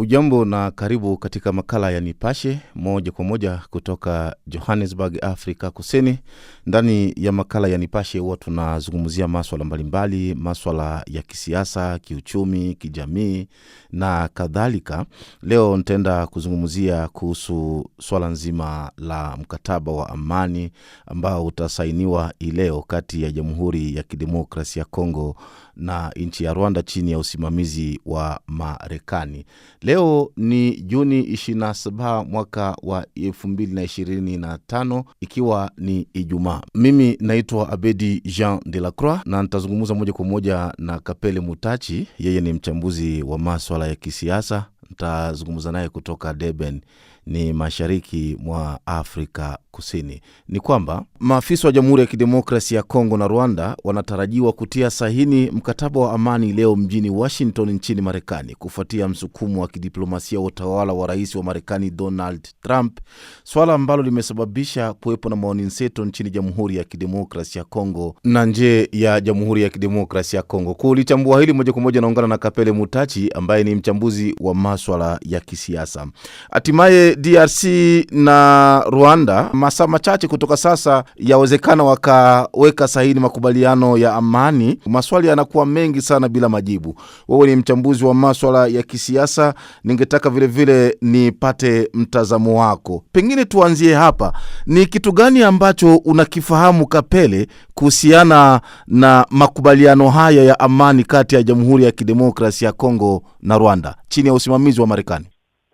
Ujambo na karibu katika makala ya Nipashe moja kwa moja kutoka Johannesburg, Afrika Kusini. Ndani ya makala ya Nipashe huwa tunazungumzia maswala mbalimbali, maswala ya kisiasa, kiuchumi, kijamii na kadhalika. Leo nitaenda kuzungumzia kuhusu swala nzima la mkataba wa amani ambao utasainiwa ileo kati ya Jamhuri ya Kidemokrasia ya Kongo na nchi ya Rwanda chini ya usimamizi wa Marekani. Leo ni Juni 27 mwaka wa 225 ikiwa ni Ijumaa. Mimi naitwa Abedi Jean de la Croix na nitazungumza moja kwa moja na Kapele Mutachi, yeye ni mchambuzi wa maswala ya kisiasa. Nitazungumza naye kutoka Deben ni mashariki mwa Afrika Kusini ni kwamba maafisa wa Jamhuri ya Kidemokrasi ya Kongo na Rwanda wanatarajiwa kutia sahini mkataba wa amani leo mjini Washington nchini Marekani, kufuatia msukumo wa kidiplomasia wa utawala wa rais wa Marekani Donald Trump, swala ambalo limesababisha kuwepo na maoni mseto nchini Jamhuri ya Kidemokrasi ya Kongo na nje ya Jamhuri ya Kidemokrasi ya Kongo. Kulichambua hili moja kwa moja, naungana na Kapele Mutachi ambaye ni mchambuzi wa maswala ya kisiasa. Hatimaye DRC na Rwanda masaa machache kutoka sasa, yawezekana wakaweka sahihi makubaliano ya amani. Maswali yanakuwa mengi sana bila majibu. Wewe ni mchambuzi wa maswala ya kisiasa, ningetaka vilevile nipate mtazamo wako. Pengine tuanzie hapa, ni kitu gani ambacho unakifahamu Kapele kuhusiana na makubaliano haya ya amani kati ya Jamhuri ya Kidemokrasia ya Kongo na Rwanda chini ya usimamizi wa Marekani?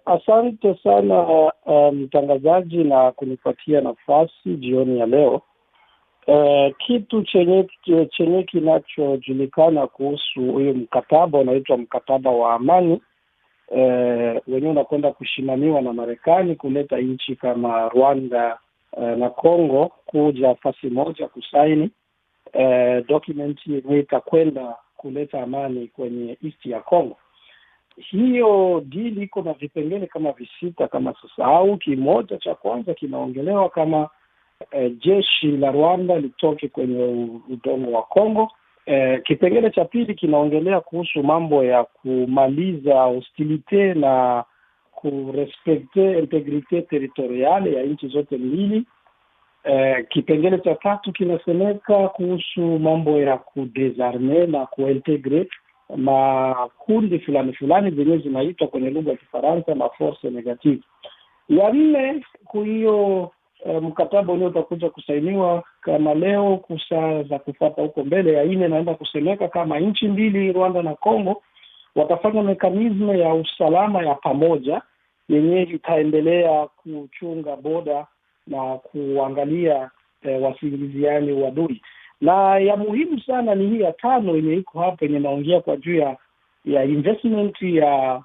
Asante sana eh, mtangazaji, um, na kunipatia nafasi jioni ya leo. Uh, kitu chenye chenye kinachojulikana kuhusu huyu mkataba unaitwa mkataba wa amani uh, wenyewe unakwenda kushimamiwa na Marekani kuleta nchi kama Rwanda uh, na Congo kuja fasi moja kusaini uh, dokumenti yenyewe itakwenda kuleta amani kwenye east ya Congo hiyo dili iko na vipengele kama visita kama sasa, au kimoja cha kwanza kinaongelewa kama eh, jeshi la Rwanda litoke kwenye udongo wa congo Eh, kipengele cha pili kinaongelea kuhusu mambo ya kumaliza hostilite na kurespekte integrite teritoriale ya nchi zote mbili. Eh, kipengele cha tatu kinasemeka kuhusu mambo ya kudesarme na kuintegre makundi fulani fulani zenyewe zinaitwa kwenye lugha ya Kifaransa maforce negative. Ya nne hiyo eh, mkataba ulio utakuja kusainiwa kama leo kusaa za kufata huko mbele, ya nne inaenda kusemeka kama nchi mbili Rwanda na Congo watafanya mekanizme ya usalama ya pamoja yenye itaendelea kuchunga boda na kuangalia eh, wasingiziani wadui na ya muhimu sana ni hii ya tano yenye iko hapo yenye inaongea kwa juu ya ya investment ya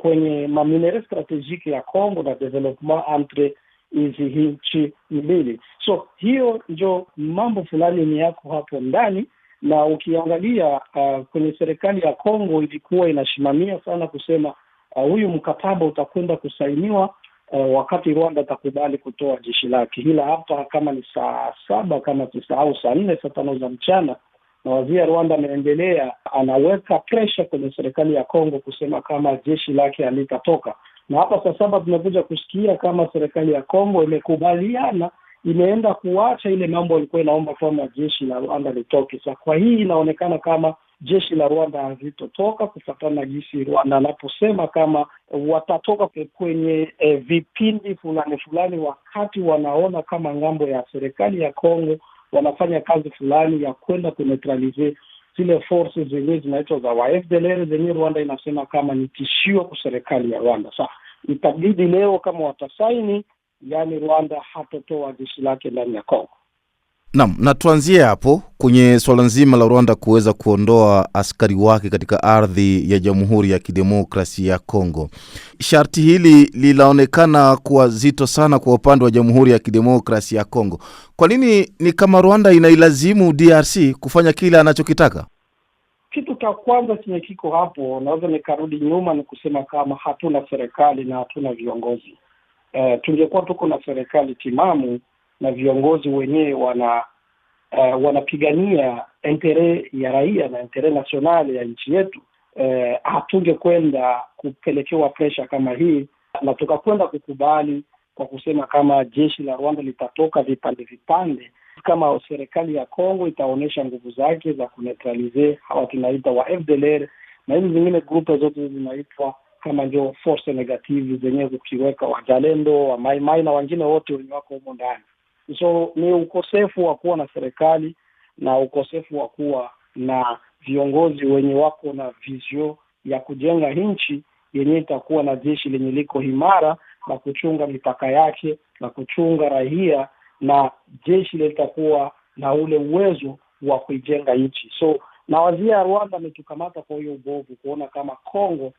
kwenye maminere strategique ya Congo na development entre hizi nchi mbili. So hiyo ndio mambo fulani ni yako hapo ndani, na ukiangalia uh, kwenye serikali ya Congo ilikuwa inasimamia sana kusema uh, huyu uh, mkataba utakwenda kusainiwa eh, wakati Rwanda atakubali kutoa jeshi lake. Ila hapa kama ni saa saba kama tisa au saa nne saa tano za mchana, na waziri ya Rwanda ameendelea anaweka presha kwenye serikali ya Kongo kusema kama jeshi lake halitatoka, na hapa saa saba tumekuja kusikia kama serikali ya Kongo imekubaliana imeenda kuacha ile mambo alikuwa inaomba kama jeshi la Rwanda litoke. Sa kwa hii inaonekana kama jeshi la Rwanda halitotoka kufuatana na jinsi Rwanda anaposema kama watatoka kwenye e, vipindi fulani fulani, wakati wanaona kama ng'ambo ya serikali ya Kongo wanafanya kazi fulani ya kwenda kuneutralize zile forces zenyewe zinaitwa za waFDLR zenyewe Rwanda inasema kama ni tishio kwa serikali ya Rwanda. Sa itabidi leo kama watasaini, yaani Rwanda hatotoa jeshi lake ndani ya Kongo. Naam, na tuanzie hapo kwenye swala nzima la Rwanda kuweza kuondoa askari wake katika ardhi ya Jamhuri ya Kidemokrasia ya Kongo. Sharti hili linaonekana kuwa zito sana kwa upande wa Jamhuri ya Kidemokrasia ya Kongo. Kwa nini ni kama Rwanda inailazimu DRC kufanya kile anachokitaka? Kitu cha kwanza chenye kiko hapo, naweza nikarudi nyuma, ni kusema kama hatuna serikali na hatuna viongozi. E, tungekuwa tuko na serikali timamu na viongozi wenyewe wana uh, wanapigania entere ya raia na entere national ya nchi yetu uh, eh, kwenda kupelekewa presha kama hii, na tukakwenda kukubali kwa kusema kama jeshi la Rwanda litatoka vipande vipande, kama serikali ya Kongo itaonyesha nguvu zake za kuneutralize hawa tunaita wa FDLR na hizi zingine grupe zote zinaitwa kama ndio force negative zenyewe, kukiweka wazalendo wa na wengine wote wenye wako humo ndani. So ni ukosefu wa kuwa na serikali na ukosefu wa kuwa na viongozi wenye wako na vizio ya kujenga nchi yenyewe itakuwa na jeshi lenye liko imara na kuchunga mipaka yake na kuchunga raia, na jeshi litakuwa na ule uwezo wa kuijenga nchi. So nawazia Rwanda ametukamata kwa hiyo ubovu, kuona kama Kongo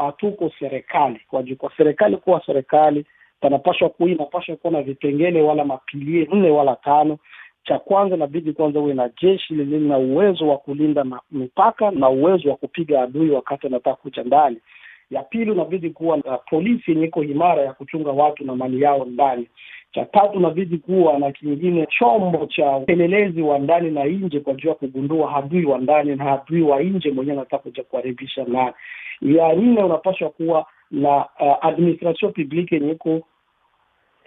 hatuko serikali kwa kwa serikali kuwa serikali panapashwa ku inapashwa kuwa na vipengele wala mapilie nne wala tano. Cha kwanza inabidi kwanza uwe na jeshi na uwezo wa kulinda mipaka na uwezo wa kupiga adui wakati anataka kucha ndani. Ya pili unabidi kuwa na polisi yenye iko imara ya kuchunga watu na mali yao ndani. Cha tatu unabidi kuwa na kingine chombo cha upelelezi wa ndani na nje kwa jua kugundua adui wa ndani na adui wa nje mwenyewe anataka kuja kuharibisha ndani. Ya nne unapaswa kuwa na uh, administration publique yenye iko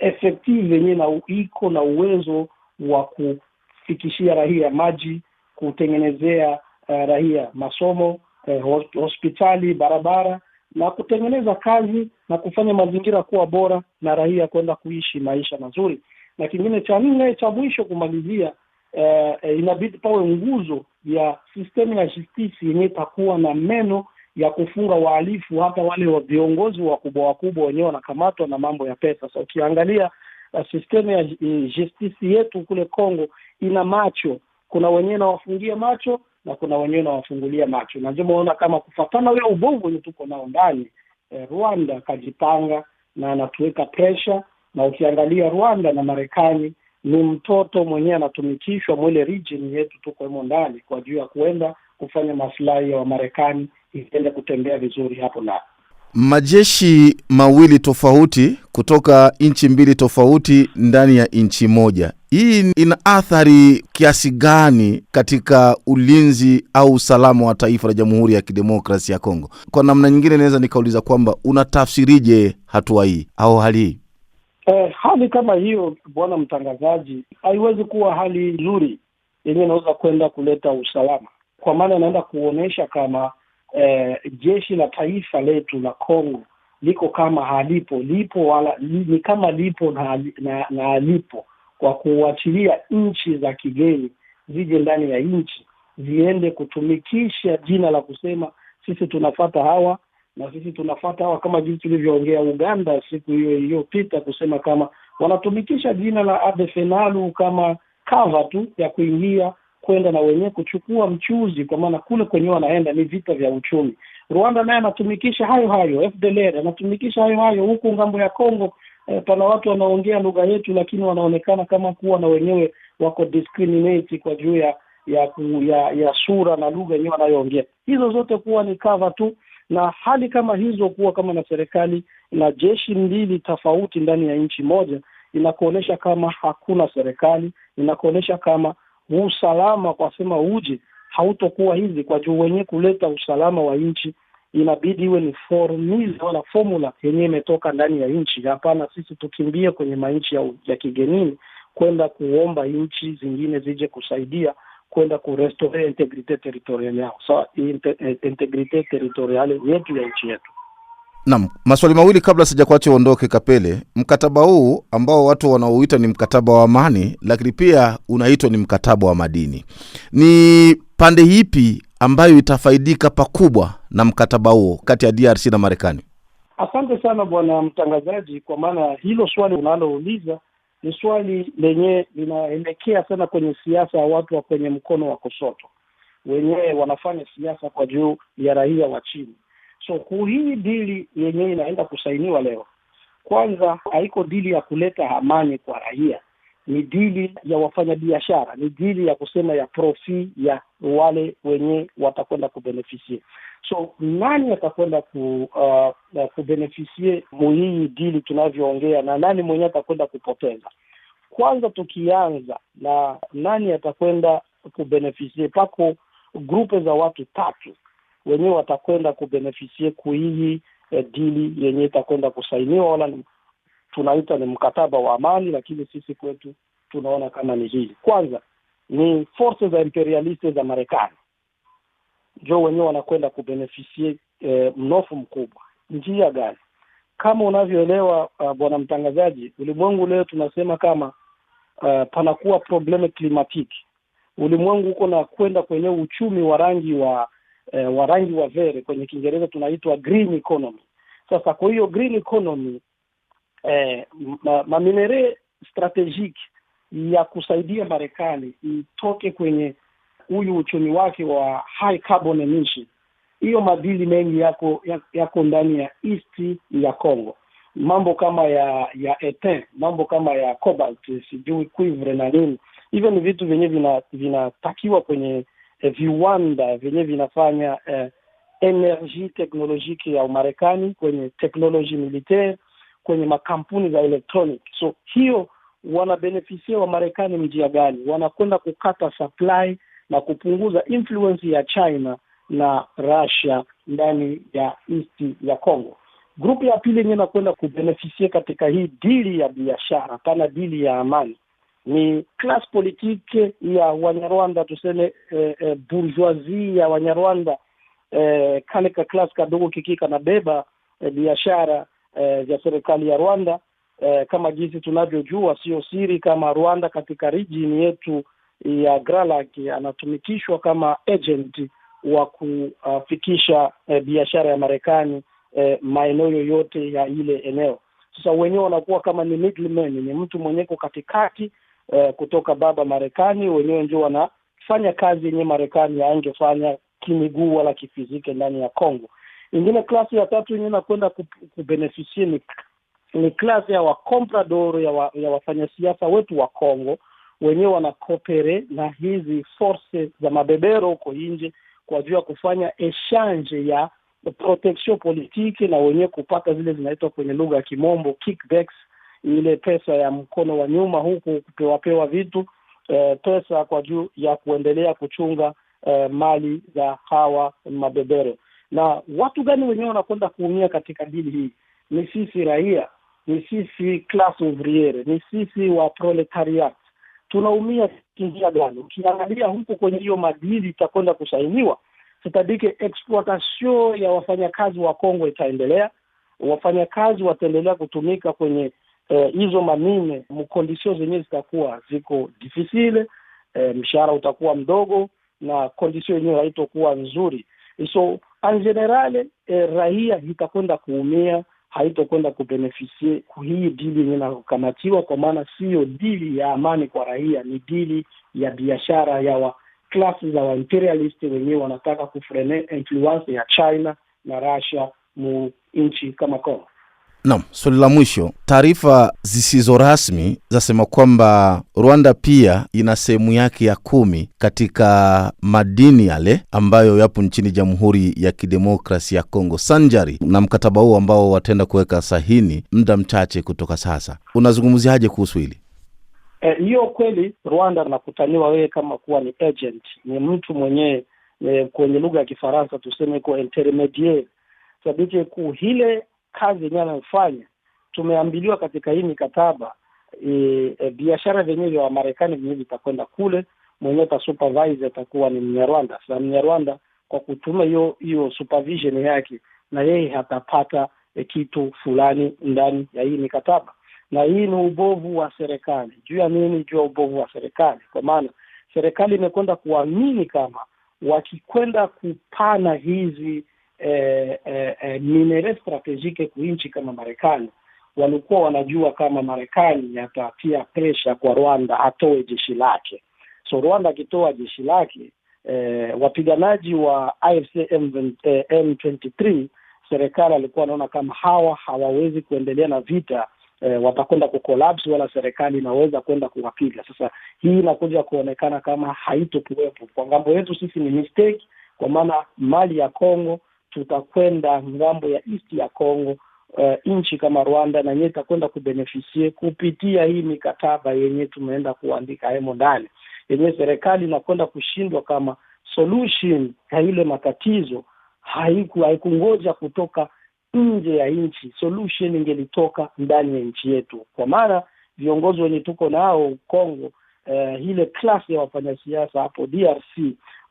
effective yenyewe na iko na uwezo wa kufikishia rahia maji, kutengenezea uh, eh, rahia masomo, uh, hospitali, barabara na kutengeneza kazi na kufanya mazingira kuwa bora na rahia kwenda kuishi maisha mazuri. Na kingine cha nne cha mwisho kumalizia, uh, inabidi pawe nguzo ya sistemu ya justisi yenyewe itakuwa na meno ya kufunga wahalifu, hata wale wa viongozi wakubwa wakubwa wenyewe wanakamatwa na mambo ya pesa. so, ukiangalia uh, sistemu ya uh, eh, justisi yetu kule Kongo ina macho, kuna wenyewe nawafungia macho na kuna wenyewe nawafungulia macho, na ndio maona kama kufatana ule ubovu wenye tuko nao ndani eh, Rwanda akajipanga na anatuweka pressure, na ukiangalia Rwanda na Marekani ni mtoto mwenyewe anatumikishwa mwele region yetu tuko hemo ndani kwa juu ya kuenda kufanya maslahi ya Wamarekani iende kutembea vizuri hapo na majeshi mawili tofauti kutoka nchi mbili tofauti ndani ya nchi moja. Hii ina athari kiasi gani katika ulinzi au usalama wa taifa la Jamhuri ya Kidemokrasia ya Kongo? Kwa namna nyingine, naweza nikauliza kwamba unatafsirije hatua hii au hali hii? Eh, hali kama hiyo, bwana mtangazaji, haiwezi kuwa hali nzuri yenyewe inaweza kwenda kuleta usalama kwa maana inaenda kuonyesha kama eh, jeshi la taifa letu la Kongo liko kama halipo lipo wala li, ni kama lipo na, halipo kwa kuachilia nchi za kigeni zije ndani ya nchi ziende kutumikisha jina la kusema sisi tunafata hawa na sisi tunafata hawa, kama jinsi tulivyoongea Uganda siku hiyo iliyopita kusema kama wanatumikisha jina la Abe kama kava tu ya kuingia kwenda na wenyewe kuchukua mchuzi, kwa maana kule kwenyewe wanaenda ni vita vya uchumi. Rwanda naye anatumikisha hayo hayo, FDLR anatumikisha hayo hayo huku ngambo ya Kongo. Eh, pana watu wanaongea lugha yetu, lakini wanaonekana kama kuwa na wenyewe wako discriminate kwa juu ya ya, ya ya sura na lugha yenyewe wanayoongea. Hizo zote kuwa ni cover tu, na hali kama hizo kuwa kama na serikali na jeshi mbili tofauti ndani ya nchi moja inakuonyesha kama hakuna serikali, inakuonyesha kama usalama kwa sema uje hautokuwa hivi, kwa juu wenyewe kuleta usalama wa nchi inabidi iwe ni formula wala formula yenyewe imetoka ndani ya nchi. Hapana sisi tukimbie kwenye manchi ya, ya kigenini kwenda kuomba nchi zingine zije kusaidia kwenda kurestore integrite territoriale yao, so, eh, integrite territoriale yetu ya nchi yetu. Naam, maswali mawili kabla sijakuacha uondoke Kapele. Mkataba huu ambao watu wanaouita ni mkataba wa amani, lakini pia unaitwa ni mkataba wa madini, ni pande ipi ambayo itafaidika pakubwa na mkataba huo kati ya DRC na Marekani? Asante sana bwana mtangazaji, kwa maana hilo swali unalouliza ni swali lenye linaelekea sana kwenye siasa ya watu wa kwenye mkono wa kushoto, wenyewe wanafanya siasa kwa juu ya raia wa chini So hii dili yenyewe inaenda kusainiwa leo, kwanza haiko dili ya kuleta amani kwa raia, ni dili ya wafanyabiashara, ni dili ya kusema ya profi ya wale wenye watakwenda kubenefisie. So nani atakwenda ku, uh, uh kubenefisie muhii dili tunavyoongea, na nani mwenyewe atakwenda kupoteza? Kwanza tukianza na nani atakwenda kubenefisie, pako grupe za watu tatu wenyewe watakwenda kubenefisie kuhii eh, dili yenyewe itakwenda kusainiwa, wala tunaita ni mkataba wa amani, lakini sisi kwetu tunaona kama ni hili kwanza ni forces za imperialisti za Marekani njo wenyewe wanakwenda kubenefisie eh, mnofu mkubwa. Njia gani? Kama unavyoelewa uh, bwana mtangazaji, ulimwengu leo tunasema kama uh, panakuwa probleme klimatiki. Ulimwengu huko na kwenda kwenye uchumi wa rangi wa eh, wa rangi wa vere kwenye Kiingereza tunaitwa green economy. Sasa kwa hiyo green economy eh, maminere ya kusaidia Marekani itoke kwenye huyu uchumi wake wa high carbon emission. Hiyo madili mengi yako yako ndani ya east ya Congo, mambo kama ya ya ete, mambo kama ya cobalt, sijui na nini. Hivyo ni vitu vyenyewe vinatakiwa vina kwenye viwanda vyenye vinafanya eh, energi teknolojiki ya Umarekani kwenye teknoloji militaire kwenye makampuni za electronic. So hiyo wanabenefisia Wamarekani njia gani? Wanakwenda kukata supply na kupunguza influence ya China na Russia ndani ya east ya Congo. Grupu ya pili yenyewe nakwenda kubenefisia katika hii dili ya biashara, pana dili ya amani ni class politique ya Wanyarwanda, tuseme eh, eh, bourgeoisie ya Wanyarwanda eh, kale ka class kadogo kiki kanabeba eh, biashara eh, vya eh, serikali ya Rwanda eh, kama jinsi tunavyojua, sio siri kama Rwanda katika region yetu ya Gralak anatumikishwa kama agent wa kufikisha eh, biashara ya Marekani eh, maeneo yoyote ya ile eneo. Sasa wenyewe wanakuwa kama ni middleman, ni mtu mwenyeko katikati eh, kutoka baba Marekani, wenyewe ndio wanafanya kazi yenye Marekani haingefanya kimiguu wala kifizike ndani ya Congo. Ingine klasi ya tatu yenyewe nakwenda kubenefisie ni, ni klasi ya wacomprador ya, wa, ya wafanyasiasa wetu wa Congo wenyewe wanakopere na hizi force za mabebero huko nje kwa juu ya kufanya exchange ya protection politiki na wenyewe kupata zile zinaitwa kwenye lugha ya kimombo kickbacks ile pesa ya mkono wa nyuma, huku kupewapewa vitu eh, pesa kwa juu ya kuendelea kuchunga eh, mali za hawa mabebero. Na watu gani wenyewe wanakwenda kuumia katika dili hii? Ni sisi raia, ni sisi class ouvriere, ni sisi wa proletariat tunaumia kinjia gani? Ukiangalia huku kwenye hiyo madili itakwenda kusainiwa, sitadike exploitation ya wafanyakazi wa Kongo itaendelea. Wafanyakazi wataendelea kutumika kwenye Eh, hizo eh, manine mkondisio zenyewe zitakuwa ziko difisile eh, mshahara utakuwa mdogo na kondisio yenyewe haitokuwa nzuri. So en general eh, rahia itakwenda kuumia, haitokwenda kubenefisie hii dili yenye inakamatiwa, kwa maana siyo dili ya amani kwa rahia ni dili ya biashara ya wa klasi za waimperialist wenyewe wanataka kufrene influence ya China na Russia mu nchi kama Congo. Naam, swali la mwisho, taarifa zisizo rasmi zasema kwamba Rwanda pia ina sehemu yake ya kumi katika madini yale ambayo yapo nchini Jamhuri ya Kidemokrasia ya Kongo sanjari na mkataba huo ambao wataenda kuweka sahini muda mchache kutoka sasa. Unazungumziaje kuhusu hili? Eh, hiyo e, kweli Rwanda anakutaniwa wewe kama kuwa ni agent, ni mtu mwenyewe, eh, kwenye lugha ya Kifaransa tuseme kuwa intermediaire kazi yenyewe anayofanya. Tumeambiliwa katika hii mikataba e, e, biashara vyenyewe vya Wamarekani vyenyewe vitakwenda kule, mwenyewe atasupervise atakuwa ni Mnyarwanda. sa Mnyarwanda kwa kutuma hiyo hiyo supervision yake, na yeye atapata e, kitu fulani ndani ya hii mikataba, na hii ni ubovu wa serikali. Juu ya nini? Juu ya ubovu wa serikali, kwa maana serikali imekwenda kuamini kama wakikwenda kupana hizi eh, eh, e, minere strategike nchi kama Marekani walikuwa wanajua kama Marekani atatia presha kwa Rwanda atoe jeshi lake. So Rwanda akitoa jeshi lake eh, wapiganaji wa ifc M23 serikali alikuwa anaona kama hawa hawawezi kuendelea na vita eh, watakwenda kukolapse wala serikali inaweza kwenda kuwapiga. Sasa hii inakuja kuonekana kama haitokuwepo kwa ngambo yetu sisi, ni mistake kwa maana mali ya Kongo tutakwenda ngambo ya east ya Congo uh, nchi kama Rwanda na nyewe itakwenda kubenefisie kupitia hii mikataba yenye tumeenda kuandika hemo ndani yenye serikali inakwenda kushindwa kama solution ya ile matatizo haiku haikungoja kutoka nje ya nchi, solution ingelitoka ndani ya nchi yetu, kwa maana viongozi wenye tuko nao Kongo eh, ile klasi ya wafanyasiasa hapo DRC,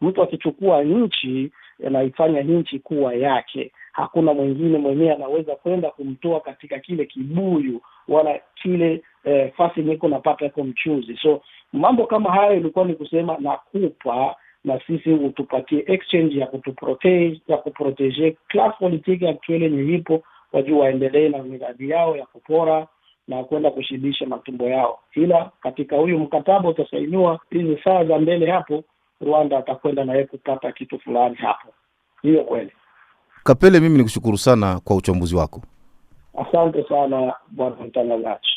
mtu akichukua nchi yanaifanya nchi kuwa yake. Hakuna mwingine mwenyewe anaweza kwenda kumtoa katika kile kibuyu wala kile eh, fasi niko napata ko mchuzi. So mambo kama hayo ilikuwa ni kusema nakupa na sisi utupatie exchange ya kutuprotege ya kuprotege class politiki actuele nilipo wajua waendelee na miradi yao ya kupora na kwenda kushibisha matumbo yao, ila katika huyu mkataba utasainiwa hizi saa za mbele hapo Rwanda atakwenda na yeye kupata kitu fulani hapo. Hiyo kweli. Kapele, mimi nikushukuru sana kwa uchambuzi wako. Asante sana bwana mtangazaji.